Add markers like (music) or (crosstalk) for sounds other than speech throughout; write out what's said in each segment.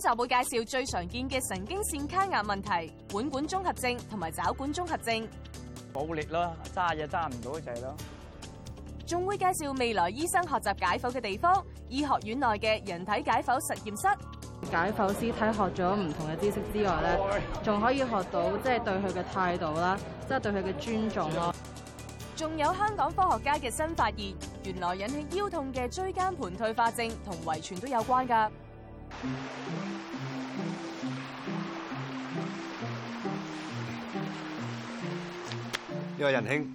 就會介紹最常見嘅神經線卡壓問題，腕管綜合症同埋肘管綜合症。冇力啦，揸嘢揸唔到一齊咯。仲會介紹未來醫生學習解剖嘅地方，醫學院內嘅人體解剖實驗室。解剖屍體學咗唔同嘅知識之外咧，仲可以學到即係、就是、對佢嘅態度啦，即、就、係、是、對佢嘅尊重咯。仲有香港科學家嘅新發現，原來引起腰痛嘅椎間盤退化症同遺傳都有關噶。呢位仁兄，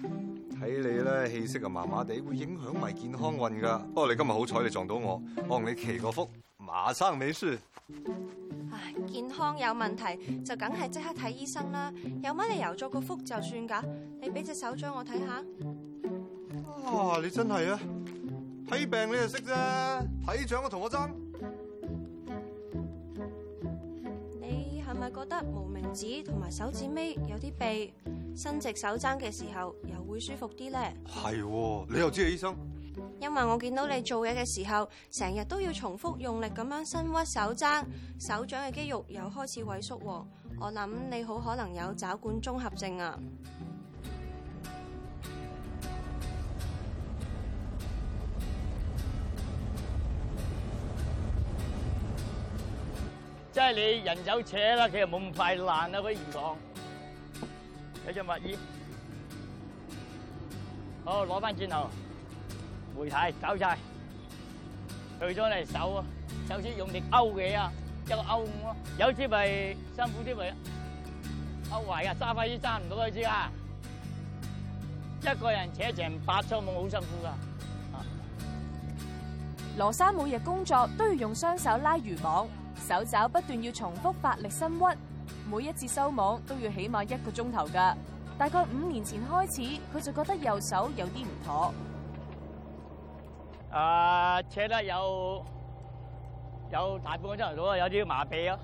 睇你咧氣息啊麻麻地，會影響埋健康運噶。不過你今日好彩，你撞到我，我同你祈個福，馬上冇事。唉、啊，健康有問題就梗係即刻睇醫生啦。有乜理由做個福就算噶你俾隻手掌我睇下。哇、啊，你真係啊，睇病你就識啫、啊，睇掌我同我爭。咪覺得無名指同埋手指尾有啲痹，伸直手踭嘅時候又會舒服啲咧。係、哦，你又知啊，醫生。因為我見到你做嘢嘅時候，成日都要重複用力咁樣伸屈手踭，手掌嘅肌肉又開始萎縮，我諗你好可能有肘管綜合症啊。你人走扯啦，其實冇咁快爛啦嗰啲漁網。有隻墨魚，好攞翻轉頭，梅太走晒，去咗你手啊！首先用力勾嘅啊，一個勾，有次咪辛苦啲咪阿偉啊，揸塊魚揸唔到嗰次啊，一個人扯成八倉網好辛苦噶。羅生每日工作都要用雙手拉漁網。手肘不斷要重複發力伸屈，每一次收網都要起碼一個鐘頭噶。大概五年前開始，佢就覺得右手有啲唔妥、呃。啊，扯得有有大半個鐘頭到啊，有啲麻痹啊。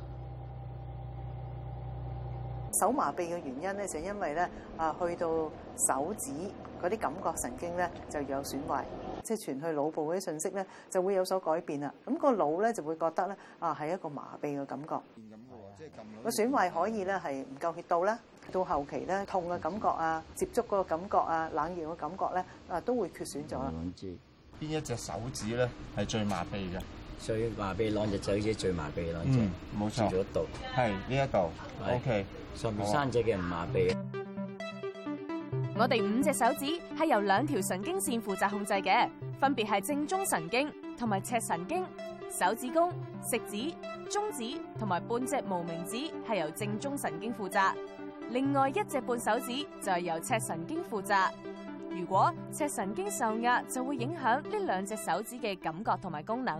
手麻痹嘅原因咧，就係因為咧啊，去到手指嗰啲感覺神經咧，就有損壞。即係傳去腦部嗰啲信息咧，就會有所改變啦。咁個腦咧就會覺得咧啊，係一個麻痹嘅感覺。變咁喎，即係撳到個損壞可以咧係唔夠血到咧，到後期咧痛嘅感覺啊、接觸嗰個感覺啊、冷熱嘅感覺咧啊都會缺損咗啦。兩隻邊一隻手指咧係最麻痹嘅？最麻痹兩隻手指最麻痹兩隻，冇、嗯、錯。一度？係呢一度。這個、o、okay, K，上面三隻嘅唔麻痹。嗯我哋五隻手指係由兩條神經線負責控制嘅，分別係正中神經同埋尺神經。手指公、食指、中指同埋半隻無名指係由正中神經負責，另外一隻半手指就係由尺神經負責。如果尺神經受壓，就會影響呢兩隻手指嘅感覺同埋功能。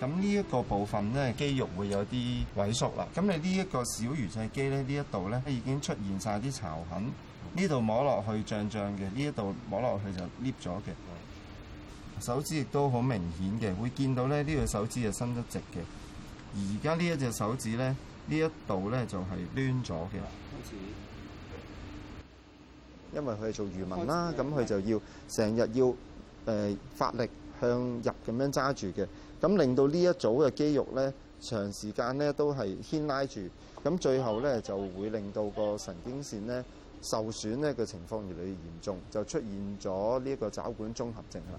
咁呢一個部分咧，肌肉會有啲萎縮啦。咁你呢一個小魚際肌咧，呢一度咧已經出現晒啲巢痕。呢度摸落去脹脹嘅，呢一度摸落去就彎咗嘅。手指亦都好明顯嘅，會見到咧呢對、這個、手指就伸得直嘅。而家呢一隻手指咧，呢一度咧就係攣咗嘅。因為佢係做漁民啦，咁佢就要成日要誒發、呃、力。向入咁樣揸住嘅，咁令到呢一組嘅肌肉咧，長時間咧都係牽拉住，咁最後咧就會令到個神經線咧受損咧嘅情況越來越嚴重，就出現咗呢一個肘管綜合症啦。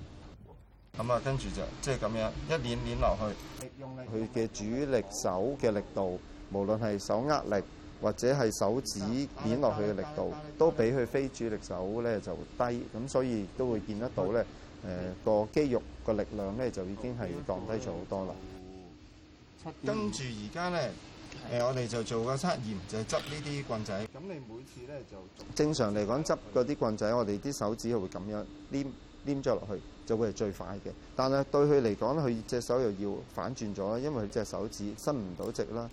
咁啊，跟住就即係咁樣一年年落去，用佢嘅主力手嘅力度，無論係手握力或者係手指點落去嘅力度，都比佢非主力手咧就低，咁所以都會見得到咧。誒、呃、個肌肉個力量咧就已經係降低咗好多啦。跟住而家咧，誒我哋就做個測驗，就係執呢啲棍仔。咁你每次咧就正常嚟講，執嗰啲棍仔，我哋啲手指會咁樣攣攣咗落去，就會係最快嘅。但係對佢嚟講，佢隻手又要反轉咗，因為佢隻手指伸唔到直啦。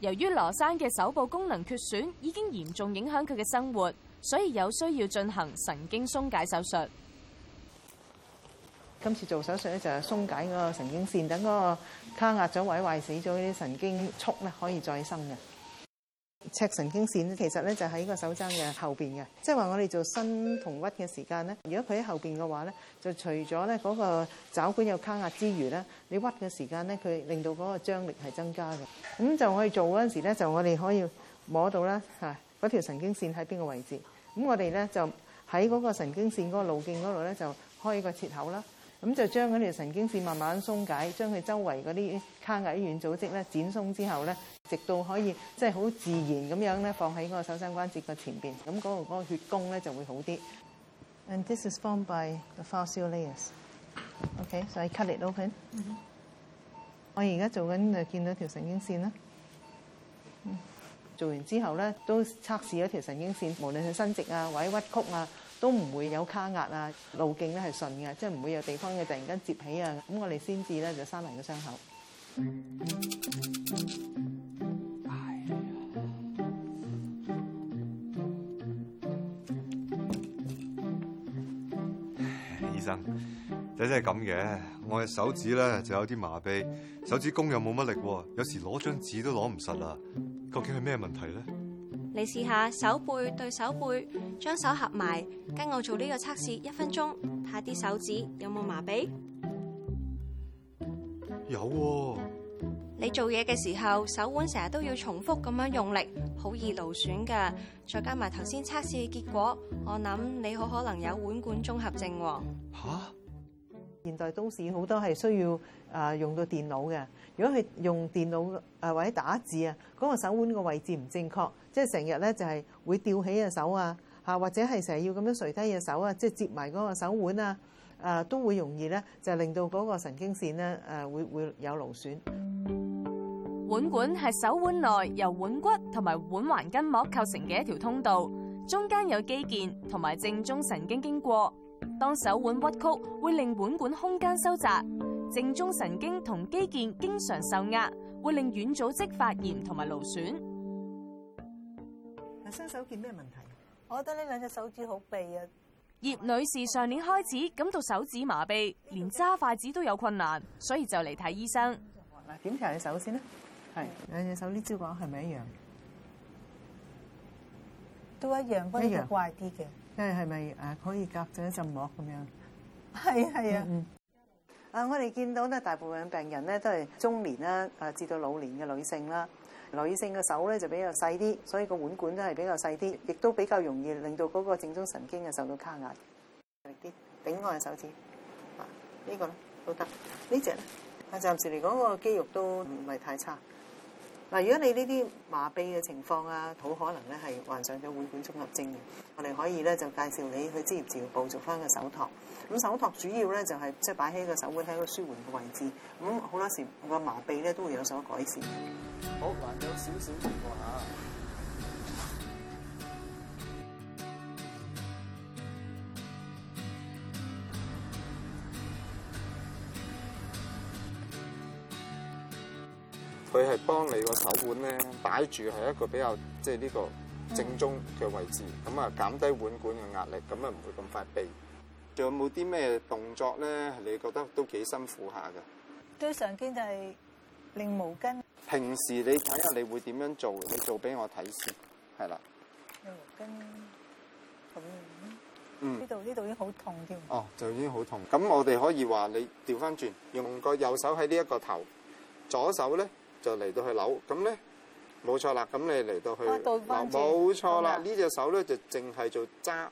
由於羅生嘅手部功能缺損已經嚴重影響佢嘅生活，所以有需要進行神經鬆解手術。今次做手術咧，就係鬆解嗰個神經線，等嗰個卡壓咗位壞死咗嗰啲神經束咧，可以再生嘅。尺神經線咧，其實咧就喺個手踭嘅後邊嘅。即係話我哋做伸同屈嘅時間咧，如果佢喺後邊嘅話咧，就除咗咧嗰個肘管有卡壓之餘咧，你屈嘅時間咧，佢令到嗰個張力係增加嘅。咁就我哋做嗰陣時咧，就我哋可以摸到啦，嚇嗰條神經線喺邊個位置。咁我哋咧就喺嗰個神經線嗰個路徑嗰度咧，就開一個切口啦。咁就將嗰條神經線慢慢鬆解，將佢周圍嗰啲卡壓軟組織咧剪鬆之後咧，直到可以即係好自然咁樣咧放喺嗰個手踭關節嘅前邊。咁嗰度嗰個血供咧就會好啲。And this is formed by the fascia layers. Okay，so I cut it open. 嗯。我而家做緊誒，見到條神經線啦。嗯。做完之後咧，都測試咗條神經線，無論係伸直啊、或者屈曲啊。都唔會有卡壓啊，路徑咧係順嘅，即係唔會有地方嘅突然間接起啊，咁我哋先至咧就閂埋個傷口。哎唉。醫生，仔真係咁嘅，我嘅手指咧就有啲麻痹，手指公又冇乜力，有時攞張紙都攞唔實啊，究竟係咩問題咧？你試下手背對手背，將手合埋，跟我做呢個測試一分鐘，睇下啲手指有冇麻痹？有喎、啊。你做嘢嘅時候，手腕成日都要重複咁樣用力，好易勞損㗎。再加埋頭先測試嘅結果，我諗你好可能有腕管綜合症喎。嚇、啊！現代都市好多係需要啊，用到電腦嘅。如果係用電腦啊，或者打字啊，嗰個手腕個位置唔正確，即係成日咧就係會吊起隻手啊，嚇，或者係成日要咁樣垂低隻手啊，即係接埋嗰個手腕啊，啊都會容易咧，就係令到嗰個神經線咧，誒會會有勞損。腕管係手腕內由腕骨同埋腕環筋膜構成嘅一條通道，中間有肌腱同埋正中神經經過。當手腕屈曲會令腕管空間收窄，正中神經同肌腱經常受壓，會令軟組織發炎同埋勞損。嗱，雙手見咩問題？我覺得呢兩隻手指好痹啊！葉女士上年開始感到手指麻痹，連揸筷子都有困難，所以就嚟睇醫生。嗱，檢查你手先啦，係兩隻手呢招講係咪一樣？都一樣，不過要怪啲嘅。即係係咪誒可以夾咗一陣膜咁樣？係啊，係啊。啊，我哋見到咧，大部分病人咧都係中年啦，誒至到老年嘅女性啦。女性嘅手咧就比較細啲，所以個腕管都係比較細啲，亦都比較容易令到嗰個正中神經啊受到卡壓。力啲頂個隻手指啊，呢個都得呢隻咧。啊，暫時嚟講，個肌肉都唔係太差。嗱，如果你呢啲麻痹嘅情況啊，好可能咧係患上咗腕管綜合症嘅，我哋可以咧就介紹你去職業治療部做返個手托。咁手托主要咧就係即係擺喺個手腕喺個舒緩嘅位置，咁好多時個麻痹咧都會有所改善。好，還有少少情況。佢係幫你個手腕咧擺住，係一個比較即係呢個正中嘅位置。咁啊，減低腕管嘅壓力，咁啊唔會咁快痹。仲有冇啲咩動作咧？你覺得都幾辛苦下噶？最常見就係拎毛巾。平時你睇下，你會點樣做？你做俾我睇先。係啦，拎毛巾咁，嗯，呢度呢度已經好痛添。哦，就已經好痛。咁我哋可以話你調翻轉，用個右手喺呢一個頭，左手咧。就嚟到去扭咁咧，冇錯啦。咁你嚟到去，冇錯啦。錯只呢隻手咧就淨係做揸，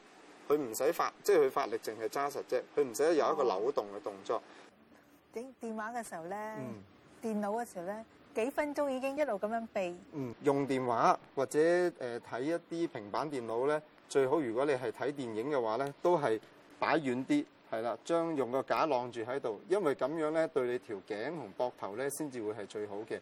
佢唔使發，即係佢發力淨係揸實啫。佢唔使有一個扭動嘅動作。點、哦、電話嘅時候咧、嗯，電腦嘅時候咧，幾分鐘已經一路咁樣避。嗯，用電話或者誒睇、呃、一啲平板電腦咧，最好如果你係睇電影嘅話咧，都係擺遠啲，係啦，將用個架攬住喺度，因為咁樣咧對你條頸同膊頭咧先至會係最好嘅。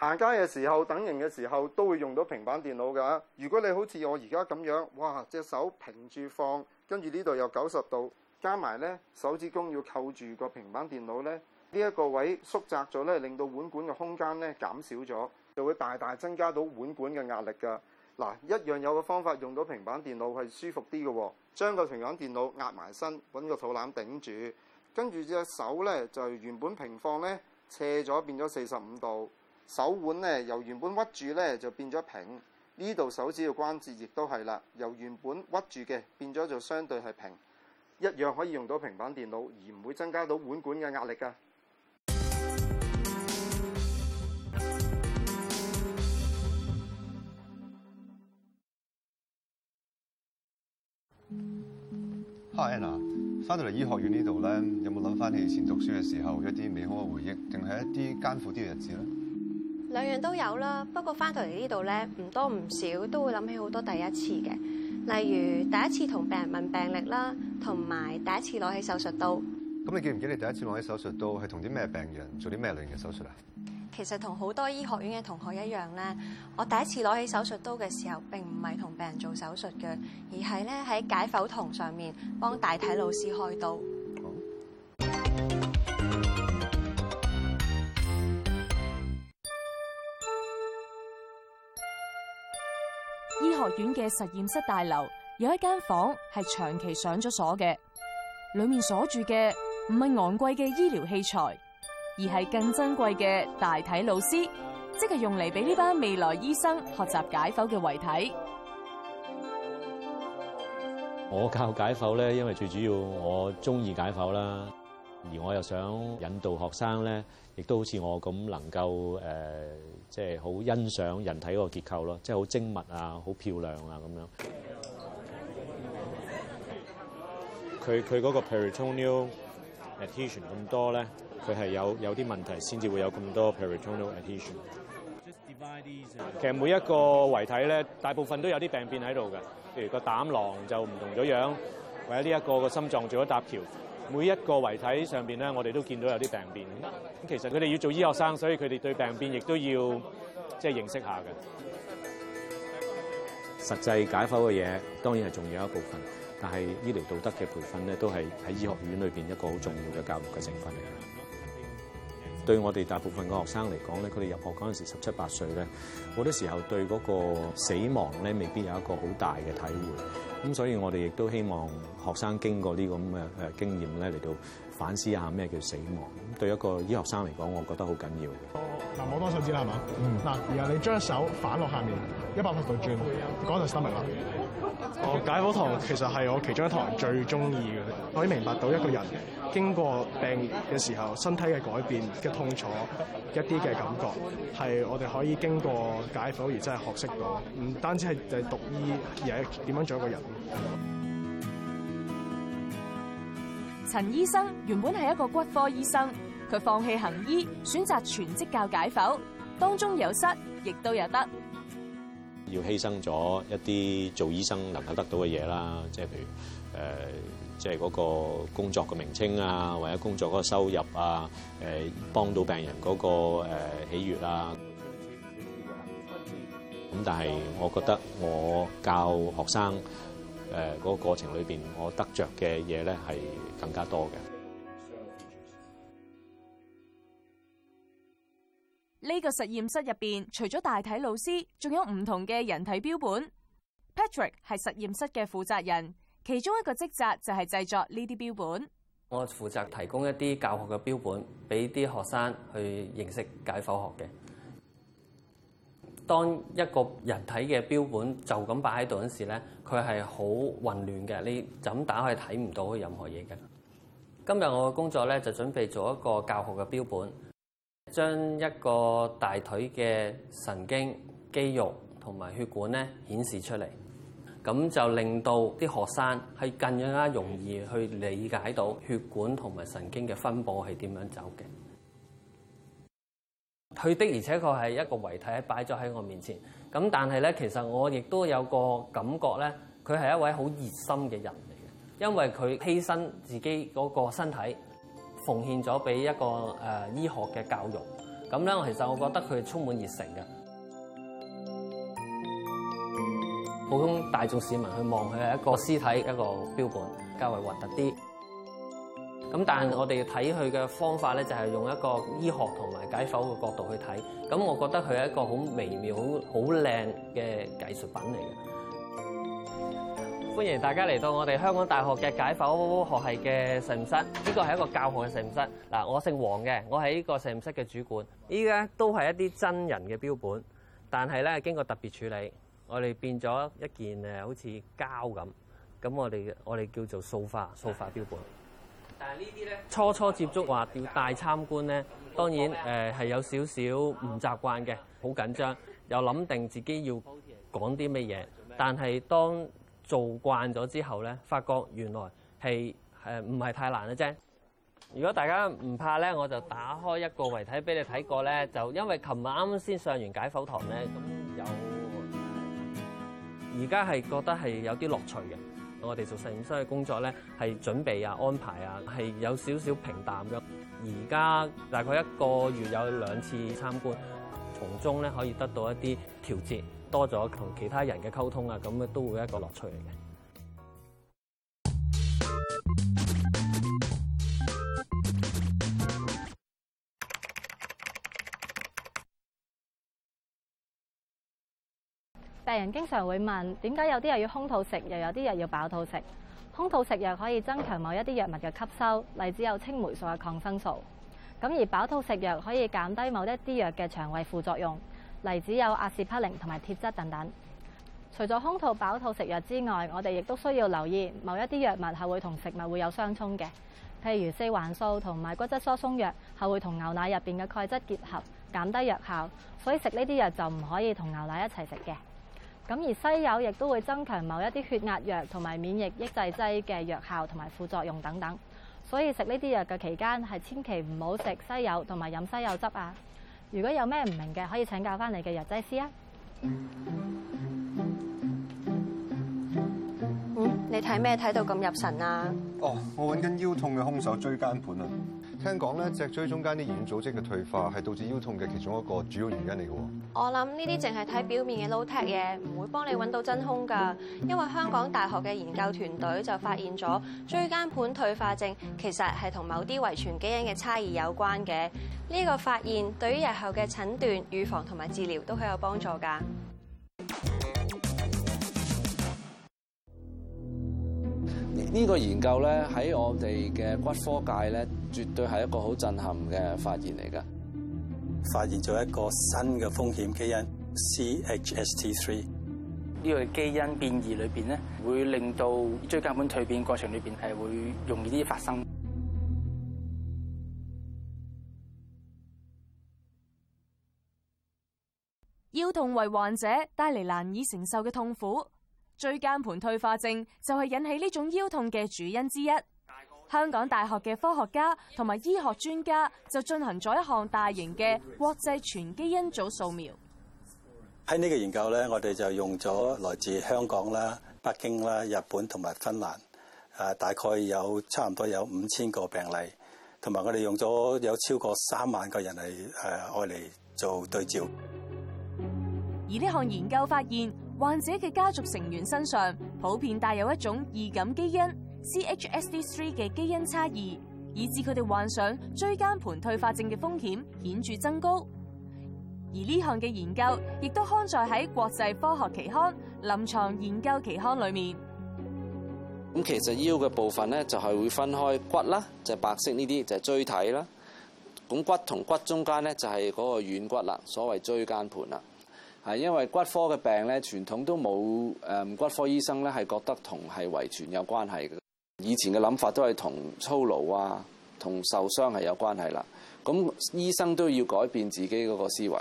行街嘅時候，等人嘅時候都會用到平板電腦嘅。如果你好似我而家咁樣，哇隻手平住放，跟住呢度有九十度，加埋呢手指公要扣住個平板電腦呢，呢、呢、一個位縮窄咗呢，令到腕管嘅空間呢減少咗，就會大大增加到腕管嘅壓力嘅嗱、啊。一樣有個方法用到平板電腦係舒服啲嘅喎，將個平板電腦壓埋身，揾個肚腩頂住，跟住隻手呢就原本平放呢，斜咗變咗四十五度。手腕咧由原本屈住咧就變咗平，呢度手指嘅關節亦都係啦，由原本屈住嘅變咗就相對係平，一樣可以用到平板電腦，而唔會增加到腕管嘅壓力噶。Hi，Anna，翻到嚟醫學院呢度咧，有冇諗翻起以前讀書嘅時候一啲美好嘅回憶，定係一啲艱苦啲嘅日子咧？兩樣都有啦，不過翻到嚟呢度咧，唔多唔少都會諗起好多第一次嘅，例如第一次同病人問病歷啦，同埋第一次攞起手術刀。咁你記唔記得第一次攞起手術刀係同啲咩病人做啲咩類型嘅手術啊？其實同好多醫學院嘅同學一樣咧，我第一次攞起手術刀嘅時候並唔係同病人做手術嘅，而係咧喺解剖堂上面幫大體老師開刀。學院嘅實驗室大樓有一間房係長期上咗鎖嘅，裏面鎖住嘅唔係昂貴嘅醫療器材，而係更珍貴嘅大體老師，即係用嚟俾呢班未來醫生學習解剖嘅遺體。我教解剖咧，因為最主要我中意解剖啦。而我又想引導學生咧，亦都好似我咁能夠誒，即係好欣賞人體嗰個結構咯，即係好精密啊，好漂亮啊咁樣。佢佢嗰個 peritoneal adhesion 咁多咧，佢係有有啲問題先至會有咁多 peritoneal adhesion。These, uh, 其實每一個遺體咧，大部分都有啲病變喺度嘅，譬如個膽囊就唔同咗樣，或者呢、這、一個個心臟做咗搭橋。每一個遺體上邊咧，我哋都見到有啲病變。咁其實佢哋要做醫學生，所以佢哋對病變亦都要即係、就是、認識下嘅。實際解剖嘅嘢當然係重要一部分，但係醫療道德嘅培訓咧，都係喺醫學院裏邊一個好重要嘅教育嘅成分嚟嘅。對我哋大部分嘅學生嚟講咧，佢哋入學嗰陣時十七八歲咧，好多時候對嗰個死亡咧未必有一個好大嘅體會。咁所以我哋亦都希望學生經過呢咁嘅誒經驗咧嚟到反思一下咩叫死亡。對一個醫學生嚟講，我覺得好緊要嘅。嗱，我多手指啦，係嘛？嗱，嗯，然後你將手反落下面，一百八十度轉，講就收密啦。哦，解剖堂其實係我其中一堂最中意嘅，可以明白到一個人經過病嘅時候，身體嘅改變、嘅痛楚、一啲嘅感覺，係我哋可以經過解剖而真係學識到，唔單止係誒讀醫，而係點樣做一個人。陳醫生原本係一個骨科醫生，佢放棄行醫，選擇全職教解剖，當中有失，亦都有得。要犧牲咗一啲做醫生能夠得到嘅嘢啦，即係譬如誒，即係嗰個工作嘅名稱啊，或者工作嗰個收入啊，誒，幫到病人嗰個誒喜悅啊。咁但係，我覺得我教學生誒嗰個過程裏邊，我得著嘅嘢咧係更加多嘅。呢個實驗室入邊，除咗大體老師，仲有唔同嘅人體標本。Patrick 係實驗室嘅負責人，其中一個職責就係製作呢啲標本。我負責提供一啲教學嘅標本，俾啲學生去認識解剖學嘅。當一個人體嘅標本就咁擺喺度嗰時咧，佢係好混亂嘅，你就咁打開睇唔到任何嘢嘅。今日我嘅工作咧，就準備做一個教學嘅標本。將一個大腿嘅神經、肌肉同埋血管咧顯示出嚟，咁就令到啲學生係更加容易去理解到血管同埋神經嘅分佈係點樣走嘅。佢的而且確係一個遺體擺咗喺我面前，咁但係咧，其實我亦都有個感覺咧，佢係一位好熱心嘅人嚟嘅，因為佢犧牲自己嗰個身體。奉獻咗俾一個誒醫學嘅教育，咁咧我其實我覺得佢充滿熱誠嘅。普通大眾市民去望佢係一個屍體 (music) 一個標本，較為核突啲。咁但係我哋睇佢嘅方法咧，就係用一個醫學同埋解剖嘅角度去睇。咁我覺得佢係一個好微妙、好好靚嘅藝術品嚟嘅。歡迎大家嚟到我哋香港大學嘅解剖學系嘅實驗室。呢個係一個教學嘅實驗室。嗱，我姓黃嘅，我係呢個實驗室嘅主管。依家都係一啲真人嘅標本，但係咧經過特別處理，我哋變咗一件誒好似膠咁。咁我哋我哋叫做塑化塑化標本。但係呢啲咧，初初接觸話要帶參觀咧，當然誒係、嗯呃、有少少唔習慣嘅，好緊張，又諗定自己要講啲乜嘢。但係當做慣咗之後咧，發覺原來係誒唔係太難嘅啫。如果大家唔怕咧，我就打開一個遺體俾你睇過咧。就因為琴日啱啱先上完解剖堂咧，咁有而家係覺得係有啲樂趣嘅。我哋做實驗室嘅工作咧，係準備啊、安排啊，係有少少平淡咗。而家大概一個月有兩次參觀，從中咧可以得到一啲調節。多咗同其他人嘅溝通啊，咁樣都會一個樂趣嚟嘅。病人經常會問：點解有啲又要空肚食，又有啲又要飽肚食？空肚食藥可以增強某一啲藥物嘅吸收，例子有青霉素嘅抗生素。咁而飽肚食藥可以減低某一啲藥嘅腸胃副作用。例子有阿士匹靈同埋鐵質等等。除咗空肚飽肚食藥之外，我哋亦都需要留意某一啲藥物係會同食物會有相沖嘅，譬如四環素同埋骨質疏鬆藥係會同牛奶入邊嘅鈣質結合，減低藥效，所以食呢啲藥就唔可以同牛奶一齊食嘅。咁而西柚亦都會增強某一啲血壓藥同埋免疫抑制劑嘅藥效同埋副作用等等，所以食呢啲藥嘅期間係千祈唔好食西柚同埋飲西柚汁啊！如果有咩唔明嘅，可以請教翻你嘅藥劑師啊。嗯，你睇咩睇到咁入神啊？哦，我揾緊腰痛嘅兇手椎間盤啊。聽講咧，脊椎中間啲軟組織嘅退化係導致腰痛嘅其中一個主要原因嚟嘅。我諗呢啲淨係睇表面嘅 low tech 嘢，唔會幫你揾到真兇㗎。因為香港大學嘅研究團隊就發現咗椎間盤退化症其實係同某啲遺傳基因嘅差異有關嘅。呢個發現對於日後嘅診斷、預防同埋治療都係有幫助㗎。呢、這個研究咧喺我哋嘅骨科界咧，絕對係一個好震撼嘅發現嚟㗎。發現咗一個新嘅風險基因 CHST3。呢、這個基因變異裏邊咧，會令到椎間盤退變過程裏邊係會容易啲發生。腰痛為患者帶嚟難以承受嘅痛苦。椎間盤退化症就係引起呢種腰痛嘅主因之一。香港大學嘅科學家同埋醫學專家就進行咗一項大型嘅國際全基因組掃描。喺呢個研究咧，我哋就用咗來自香港啦、北京啦、日本同埋芬蘭，誒，大概有差唔多有五千個病例，同埋我哋用咗有超過三萬個人嚟誒，愛嚟做對照。而呢項研究發現。患者嘅家族成員身上普遍帶有一種易感基因 CHSD3 嘅基因差異，以致佢哋患上椎間盤退化症嘅風險顯著增高。而呢項嘅研究亦都刊載喺國際科學期刊《臨床研究期刊》裏面。咁其實腰嘅部分咧，就係會分開骨啦，就白色呢啲就係、是、椎體啦。咁骨同骨中間咧就係嗰個軟骨啦，所謂椎間盤啦。係因為骨科嘅病咧，傳統都冇誒骨科醫生咧係覺得同係遺傳有關係嘅。以前嘅諗法都係同操勞啊、同受傷係有關係啦。咁醫生都要改變自己嗰個思維。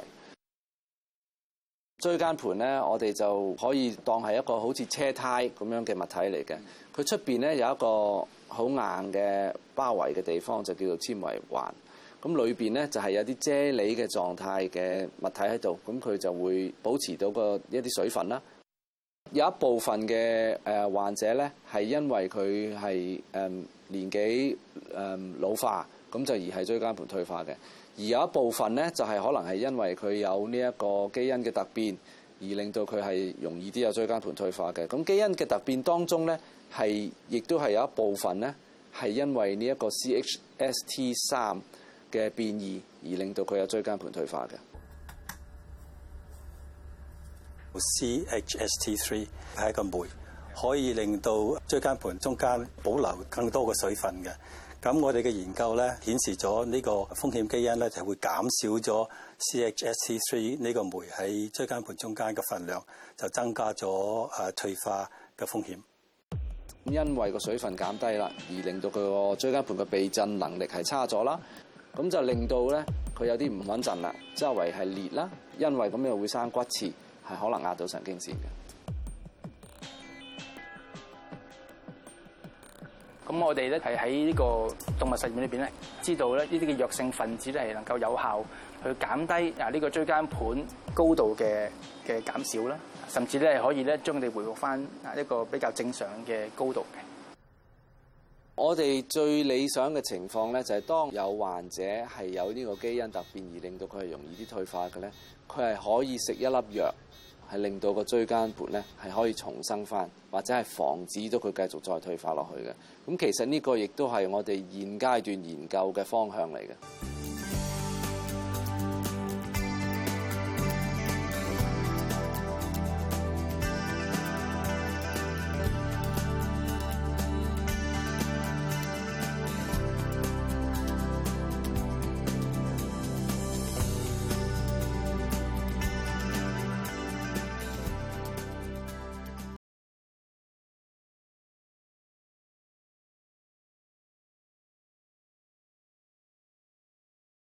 椎間盤咧，我哋就可以當係一個好似車胎咁樣嘅物體嚟嘅。佢出邊咧有一個好硬嘅包圍嘅地方，就叫做纖維環。咁裏邊咧就係有啲啫喱嘅狀態嘅物體喺度，咁佢就會保持到個一啲水分啦。有一部分嘅誒患者咧，係因為佢係誒年紀誒老化，咁就而係椎間盤退化嘅。而有一部分咧，就係可能係因為佢有呢一個基因嘅突變，而令到佢係容易啲有椎間盤退化嘅。咁基因嘅突變當中咧，係亦都係有一部分咧，係因為呢一個 CHST 三。嘅變異而令到佢有椎間盤退化嘅。CHST3 係一個酶，可以令到椎間盤中間保留更多嘅水分嘅。咁我哋嘅研究咧，顯示咗呢個風險基因咧，就會減少咗 CHST3 呢個酶喺椎間盤中間嘅份量，就增加咗誒退化嘅風險。因為個水分減低啦，而令到佢個椎間盤嘅避震能力係差咗啦。咁就令到咧，佢有啲唔穩陣啦，周圍係裂啦，因為咁樣會生骨刺，係可能壓到神經線嘅。咁我哋咧係喺呢個動物實驗裏邊咧，知道咧呢啲嘅藥性分子咧係能夠有效去減低啊呢個椎間盤高度嘅嘅減少啦，甚至咧係可以咧將佢哋回復翻啊一個比較正常嘅高度嘅。我哋最理想嘅情況呢，就係當有患者係有呢個基因突變而令到佢係容易啲退化嘅呢，佢係可以食一粒藥，係令到個椎間盤呢係可以重生翻，或者係防止到佢繼續再退化落去嘅。咁其實呢個亦都係我哋現階段研究嘅方向嚟嘅。